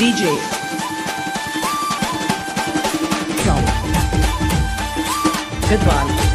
DJ. Go. Goodbye.